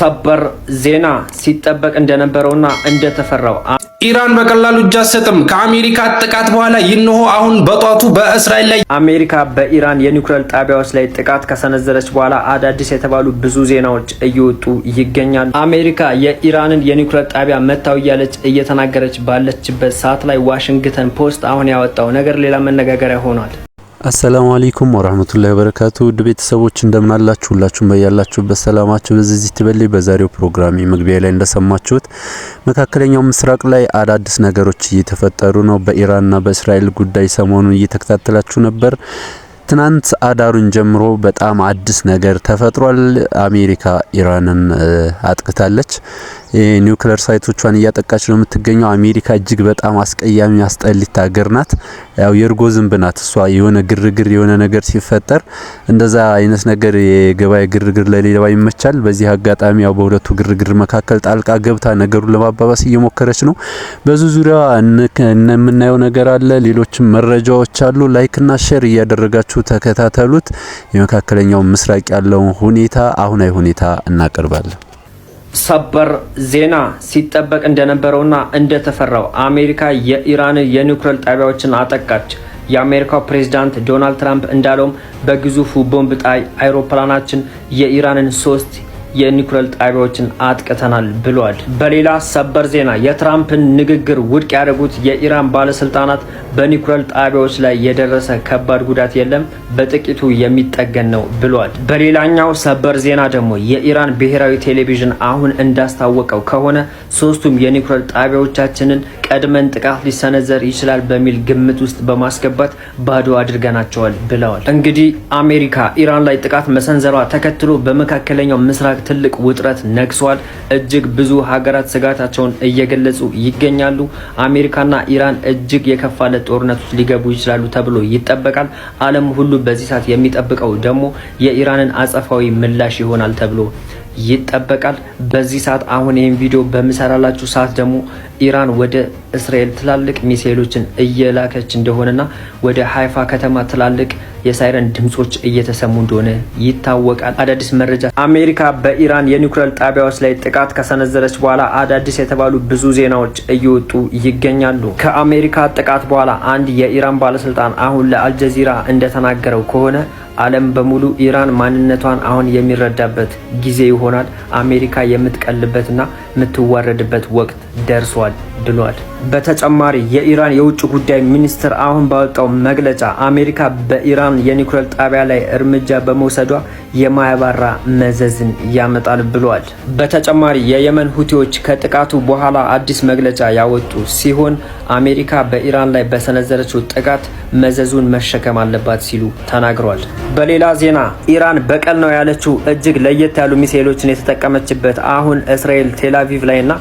ሰበር ዜና ሲጠበቅ እንደነበረውና እንደተፈራው ኢራን በቀላሉ እጅ አትሰጥም። ከአሜሪካ ጥቃት በኋላ ይንሆ አሁን በጧቱ በእስራኤል ላይ አሜሪካ በኢራን የኒውክሌር ጣቢያዎች ላይ ጥቃት ከሰነዘረች በኋላ አዳዲስ የተባሉ ብዙ ዜናዎች እየወጡ ይገኛሉ። አሜሪካ የኢራንን የኒውክሌር ጣቢያ መታው እያለች እየተናገረች ባለችበት ሰዓት ላይ ዋሽንግተን ፖስት አሁን ያወጣው ነገር ሌላ መነጋገሪያ ሆኗል። አሰላሙ አለይኩም ወራህመቱላሂ ወበረካቱ ውድ ቤተሰቦች እንደምን አላችሁ? ሁላችሁም በያላችሁበት ሰላማችሁ በዚህ ትበል። በዛሬው ፕሮግራም መግቢያ ላይ እንደሰማችሁት መካከለኛው ምስራቅ ላይ አዳዲስ ነገሮች እየተፈጠሩ ነው። በኢራንና በእስራኤል ጉዳይ ሰሞኑን እየተከታተላችሁ ነበር። ትናንት አዳሩን ጀምሮ በጣም አዲስ ነገር ተፈጥሯል። አሜሪካ ኢራንን አጥቅታለች። የኒውክሌር ሳይቶቿን እያጠቃች ነው የምትገኘው። አሜሪካ እጅግ በጣም አስቀያሚ አስጠሊት ሀገር ናት። ያው የእርጎ ዝንብ ናት እሷ። የሆነ ግርግር የሆነ ነገር ሲፈጠር እንደዛ አይነት ነገር የገበያ ግርግር ለሌባ ይመቻል። በዚህ አጋጣሚ ያው በሁለቱ ግርግር መካከል ጣልቃ ገብታ ነገሩን ለማባባስ እየሞከረች ነው። በዙ ዙሪያ የምናየው ነገር አለ፣ ሌሎችም መረጃዎች አሉ። ላይክና ሼር እያደረጋችሁ ተከታተሉት። የመካከለኛው ምስራቅ ያለውን ሁኔታ አሁናዊ ሁኔታ እናቀርባለን። ሰበር ዜና ሲጠበቅ እንደነበረውና እንደተፈራው አሜሪካ የኢራን የኒውክሌር ጣቢያዎችን አጠቃች። የአሜሪካው ፕሬዚዳንት ዶናልድ ትራምፕ እንዳለውም በግዙፉ ቦምብ ጣይ አይሮፕላናችን የኢራንን ሶስት የኒኩለር ጣቢያዎችን አጥቅተናል ብሏል። በሌላ ሰበር ዜና የትራምፕን ንግግር ውድቅ ያደረጉት የኢራን ባለስልጣናት በኒኩለር ጣቢያዎች ላይ የደረሰ ከባድ ጉዳት የለም፣ በጥቂቱ የሚጠገን ነው ብሏል። በሌላኛው ሰበር ዜና ደግሞ የኢራን ብሔራዊ ቴሌቪዥን አሁን እንዳስታወቀው ከሆነ ሶስቱም የኒኩለር ጣቢያዎቻችንን ቀድመን ጥቃት ሊሰነዘር ይችላል በሚል ግምት ውስጥ በማስገባት ባዶ አድርገናቸዋል ብለዋል። እንግዲህ አሜሪካ ኢራን ላይ ጥቃት መሰንዘሯ ተከትሎ በመካከለኛው ምስራቅ ትልቅ ውጥረት ነግሷል። እጅግ ብዙ ሀገራት ስጋታቸውን እየገለጹ ይገኛሉ። አሜሪካና ኢራን እጅግ የከፋለ ጦርነቶች ሊገቡ ይችላሉ ተብሎ ይጠበቃል። ዓለም ሁሉ በዚህ ሰዓት የሚጠብቀው ደግሞ የኢራንን አጸፋዊ ምላሽ ይሆናል ተብሎ ይጠበቃል። በዚህ ሰዓት አሁን ይህን ቪዲዮ በምሰራላችሁ ሰዓት ደግሞ ኢራን ወደ እስራኤል ትላልቅ ሚሳኤሎችን እየላከች እንደሆነና ወደ ሀይፋ ከተማ ትላልቅ የሳይረን ድምጾች እየተሰሙ እንደሆነ ይታወቃል። አዳዲስ መረጃ አሜሪካ በኢራን የኒውክሌር ጣቢያዎች ላይ ጥቃት ከሰነዘረች በኋላ አዳዲስ የተባሉ ብዙ ዜናዎች እየወጡ ይገኛሉ። ከአሜሪካ ጥቃት በኋላ አንድ የኢራን ባለስልጣን አሁን ለአልጀዚራ እንደተናገረው ከሆነ ዓለም በሙሉ ኢራን ማንነቷን አሁን የሚረዳበት ጊዜ ይሆናል። አሜሪካ የምትቀልበትና የምትዋረድበት ወቅት ደርሷል። ብሏል። በተጨማሪ የኢራን የውጭ ጉዳይ ሚኒስትር አሁን ባወጣው መግለጫ አሜሪካ በኢራን የኒኩሌር ጣቢያ ላይ እርምጃ በመውሰዷ የማያባራ መዘዝን ያመጣል ብሏል። በተጨማሪ የየመን ሁቲዎች ከጥቃቱ በኋላ አዲስ መግለጫ ያወጡ ሲሆን አሜሪካ በኢራን ላይ በሰነዘረችው ጥቃት መዘዙን መሸከም አለባት ሲሉ ተናግሯል። በሌላ ዜና ኢራን በቀል ነው ያለችው እጅግ ለየት ያሉ ሚሳኤሎችን የተጠቀመችበት አሁን እስራኤል ቴላቪቭ ላይና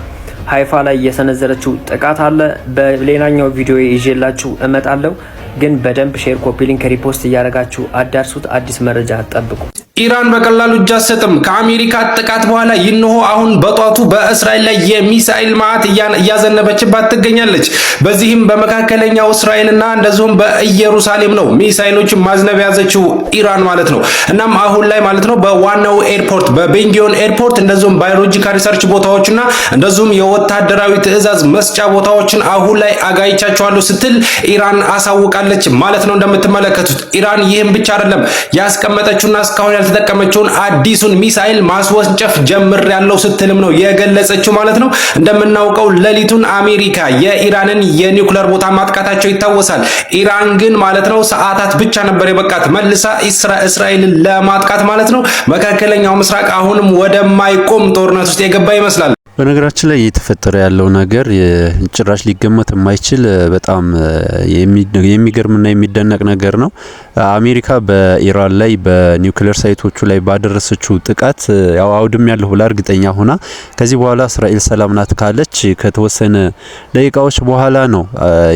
ሀይፋ ላይ የሰነዘረችው ጥቃት አለ። በሌላኛው ቪዲዮ ይዤላችሁ እመጣለሁ። ግን በደንብ ሼር፣ ኮፒ ሊንክ፣ ሪፖስት እያደረጋችሁ አዳርሱት። አዲስ መረጃ ጠብቁ። ኢራን በቀላሉ እጅ አትሰጥም። ከአሜሪካ ጥቃት በኋላ ይንሆ አሁን በጧቱ በእስራኤል ላይ የሚሳኤል መዓት እያዘነበችባት ትገኛለች። በዚህም በመካከለኛው እስራኤልና እንደዚሁም በኢየሩሳሌም ነው ሚሳኤሎችን ማዝነብ የያዘችው ኢራን ማለት ነው። እናም አሁን ላይ ማለት ነው በዋናው ኤርፖርት በቤንጊዮን ኤርፖርት እንደዚሁም ባዮሎጂካል ሪሰርች ቦታዎችና እንደዚሁም የወታደራዊ ትዕዛዝ መስጫ ቦታዎችን አሁን ላይ አጋይቻቸዋለሁ ስትል ኢራን አሳውቃለች ማለት ነው። እንደምትመለከቱት ኢራን ይህም ብቻ አይደለም ያስቀመጠችውና እስካሁን የተጠቀመችውን አዲሱን ሚሳኤል ማስወንጨፍ ጀምር ያለው ስትልም ነው የገለጸችው ማለት ነው። እንደምናውቀው ሌሊቱን አሜሪካ የኢራንን የኒውክለር ቦታ ማጥቃታቸው ይታወሳል። ኢራን ግን ማለት ነው ሰዓታት ብቻ ነበር የበቃት መልሳ እስራኤልን ለማጥቃት ማለት ነው። መካከለኛው ምስራቅ አሁንም ወደማይቆም ጦርነት ውስጥ የገባ ይመስላል። በነገራችን ላይ እየተፈጠረ ያለው ነገር ጭራሽ ሊገመት የማይችል በጣም የሚገርምና የሚደነቅ ነገር ነው። አሜሪካ በኢራን ላይ በኒውክሌር ሳይቶቹ ላይ ባደረሰችው ጥቃት ያው አውድም ያለሁ ብላ እርግጠኛ ሆና ከዚህ በኋላ እስራኤል ሰላም ናት ካለች ከተወሰነ ደቂቃዎች በኋላ ነው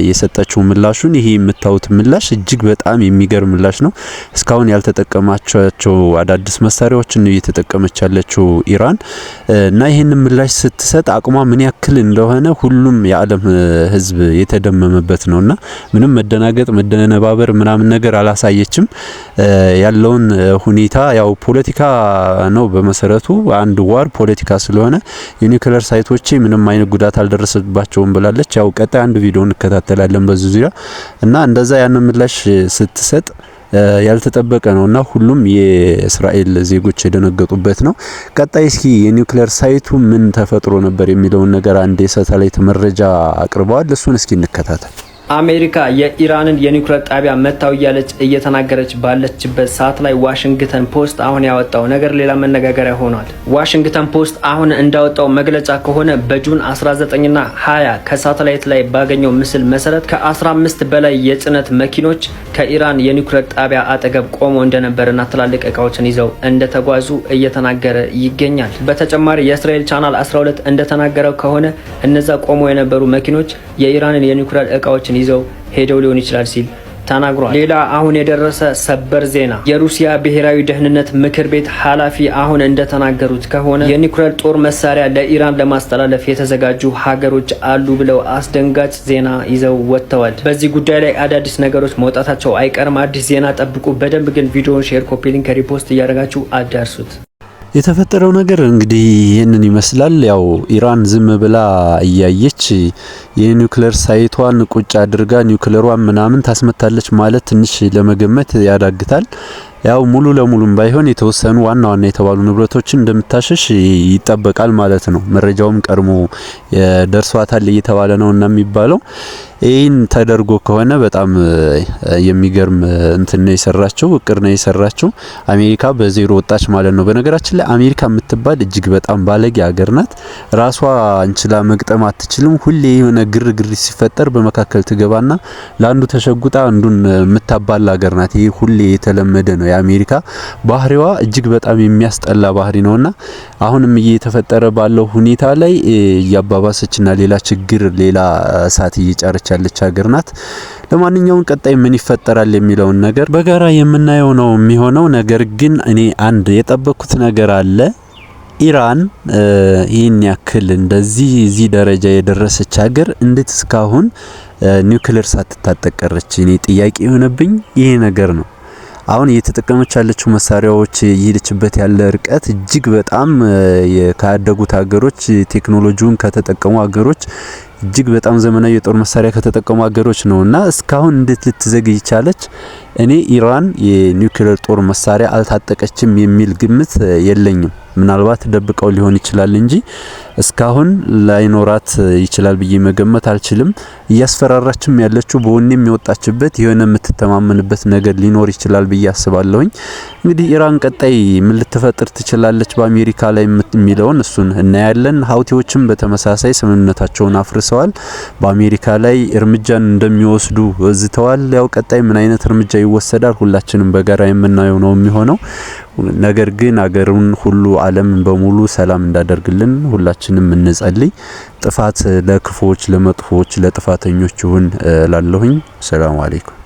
የሰጠችው ምላሹን። ይሄ የምታዩት ምላሽ እጅግ በጣም የሚገርም ምላሽ ነው። እስካሁን ያልተጠቀማቸው አዳዲስ መሳሪያዎችን እየተጠቀመች ያለችው ኢራን እና ይህንን ምላሽ ስትሰጥ አቅሟ ምን ያክል እንደሆነ ሁሉም የዓለም ሕዝብ የተደመመበት ነውና ምንም መደናገጥ፣ መደነባበር ምናምን ነገር አላሳየችም። ያለውን ሁኔታ ያው ፖለቲካ ነው በመሰረቱ አንድ ዋር ፖለቲካ ስለሆነ የኒውክሌር ሳይቶቼ ምንም አይነት ጉዳት አልደረሰባቸውም ብላለች። ያው ቀጣይ አንድ ቪዲዮ እንከታተላለን በዚህ ዙሪያ እና እንደዛ ያንን ምላሽ ስትሰጥ ያልተጠበቀ ነው እና ሁሉም የእስራኤል ዜጎች የደነገጡበት ነው። ቀጣይ እስኪ የኒውክሌር ሳይቱ ምን ተፈጥሮ ነበር የሚለውን ነገር አንድ የሳተላይት መረጃ አቅርበዋል። እሱን እስኪ እንከታተል። አሜሪካ የኢራንን የኒውክሌር ጣቢያ መታው እያለች እየተናገረች ባለችበት ሰዓት ላይ ዋሽንግተን ፖስት አሁን ያወጣው ነገር ሌላ መነጋገሪያ ሆኗል። ዋሽንግተን ፖስት አሁን እንዳወጣው መግለጫ ከሆነ በጁን 19ና 20 ከሳተላይት ላይ ባገኘው ምስል መሰረት ከ15 በላይ የጭነት መኪኖች ከኢራን የኒውክሌር ጣቢያ አጠገብ ቆሞ እንደነበረና ትላልቅ እቃዎችን ይዘው እንደተጓዙ እየተናገረ ይገኛል። በተጨማሪ የእስራኤል ቻናል 12 እንደተናገረው ከሆነ እነዛ ቆሞ የነበሩ መኪኖች የኢራንን የኒውክሌር እቃዎችን ይዘው ሄደው ሊሆን ይችላል ሲል ተናግሯል። ሌላ አሁን የደረሰ ሰበር ዜና የሩሲያ ብሔራዊ ደህንነት ምክር ቤት ኃላፊ አሁን እንደተናገሩት ከሆነ የኒኩሌር ጦር መሳሪያ ለኢራን ለማስተላለፍ የተዘጋጁ ሀገሮች አሉ ብለው አስደንጋጭ ዜና ይዘው ወጥተዋል። በዚህ ጉዳይ ላይ አዳዲስ ነገሮች መውጣታቸው አይቀርም። አዲስ ዜና ጠብቁ። በደንብ ግን ቪዲዮውን ሼር፣ ኮፒ ሊንክ፣ ሪፖስት እያደረጋችሁ አዳርሱት። የተፈጠረው ነገር እንግዲህ ይህንን ይመስላል። ያው ኢራን ዝም ብላ እያየች የኒውክሌር ሳይቷን ቁጭ አድርጋ ኒውክሌሯን ምናምን ታስመታለች ማለት ትንሽ ለመገመት ያዳግታል። ያው ሙሉ ለሙሉም ባይሆን የተወሰኑ ዋና ዋና የተባሉ ንብረቶችን እንደምታሸሽ ይጠበቃል ማለት ነው። መረጃውም ቀድሞ ደርሷታል እየተባለ ነው እና የሚባለው ይህን ተደርጎ ከሆነ በጣም የሚገርም እንትን ነው የሰራችው፣ እቅድ ነው የሰራችው። አሜሪካ በዜሮ ወጣች ማለት ነው። በነገራችን ላይ አሜሪካ የምትባል እጅግ በጣም ባለጌ ሀገር ናት። ራሷ እንችላ መግጠም አትችልም። ሁሌ የሆነ ግርግር ሲፈጠር በመካከል ትገባና ለአንዱ ተሸጉጣ አንዱን የምታባላ ሀገር ናት። ይህ ሁሌ የተለመደ ነው። የአሜሪካ ባህሪዋ እጅግ በጣም የሚያስጠላ ባህሪ ነውና አሁንም እየተፈጠረ ባለው ሁኔታ ላይ እያባባሰችና ሌላ ችግር ሌላ እሳት እየጫረች ያለች ሀገር ናት። ለማንኛውም ቀጣይ ምን ይፈጠራል የሚለውን ነገር በጋራ የምናየው ነው የሚሆነው። ነገር ግን እኔ አንድ የጠበቅኩት ነገር አለ። ኢራን ይህን ያክል እንደዚህ እዚህ ደረጃ የደረሰች ሀገር እንዴት እስካሁን ኒውክሌር ሳትታጠቀረች? እኔ ጥያቄ የሆነብኝ ይሄ ነገር ነው። አሁን እየተጠቀመች ያለችው መሳሪያዎች እየሄደችበት ያለ ርቀት እጅግ በጣም ካደጉት ሀገሮች ቴክኖሎጂውን ከተጠቀሙ ሀገሮች እጅግ በጣም ዘመናዊ የጦር መሳሪያ ከተጠቀሙ ሀገሮች ነው እና እስካሁን እንዴት ልትዘግይ ቻለች? እኔ ኢራን የኒውክሌር ጦር መሳሪያ አልታጠቀችም የሚል ግምት የለኝም። ምናልባት ደብቀው ሊሆን ይችላል እንጂ እስካሁን ላይኖራት ይችላል ብዬ መገመት አልችልም። እያስፈራራችም ያለችው በወኔ የሚወጣችበት የሆነ የምትተማመንበት ነገር ሊኖር ይችላል ብዬ አስባለሁኝ። እንግዲህ ኢራን ቀጣይ ምን ልትፈጥር ትችላለች በአሜሪካ ላይ የሚለውን እሱን እናያለን። ሀውቲዎችም በተመሳሳይ ስምምነታቸውን አፍርሰዋል። በአሜሪካ ላይ እርምጃን እንደሚወስዱ ዝተዋል። ያው ቀጣይ ምን አይነት እርምጃ ይወሰዳል ሁላችንም በጋራ የምናየው ነው የሚሆነው። ነገር ግን አገሩን ሁሉ ዓለም በሙሉ ሰላም እንዳደርግልን ሁላችንም እንጸልይ። ጥፋት ለክፎች፣ ለመጥፎች፣ ለጥፋተኞች ይሁን ላለሁኝ። ሰላም አለይኩም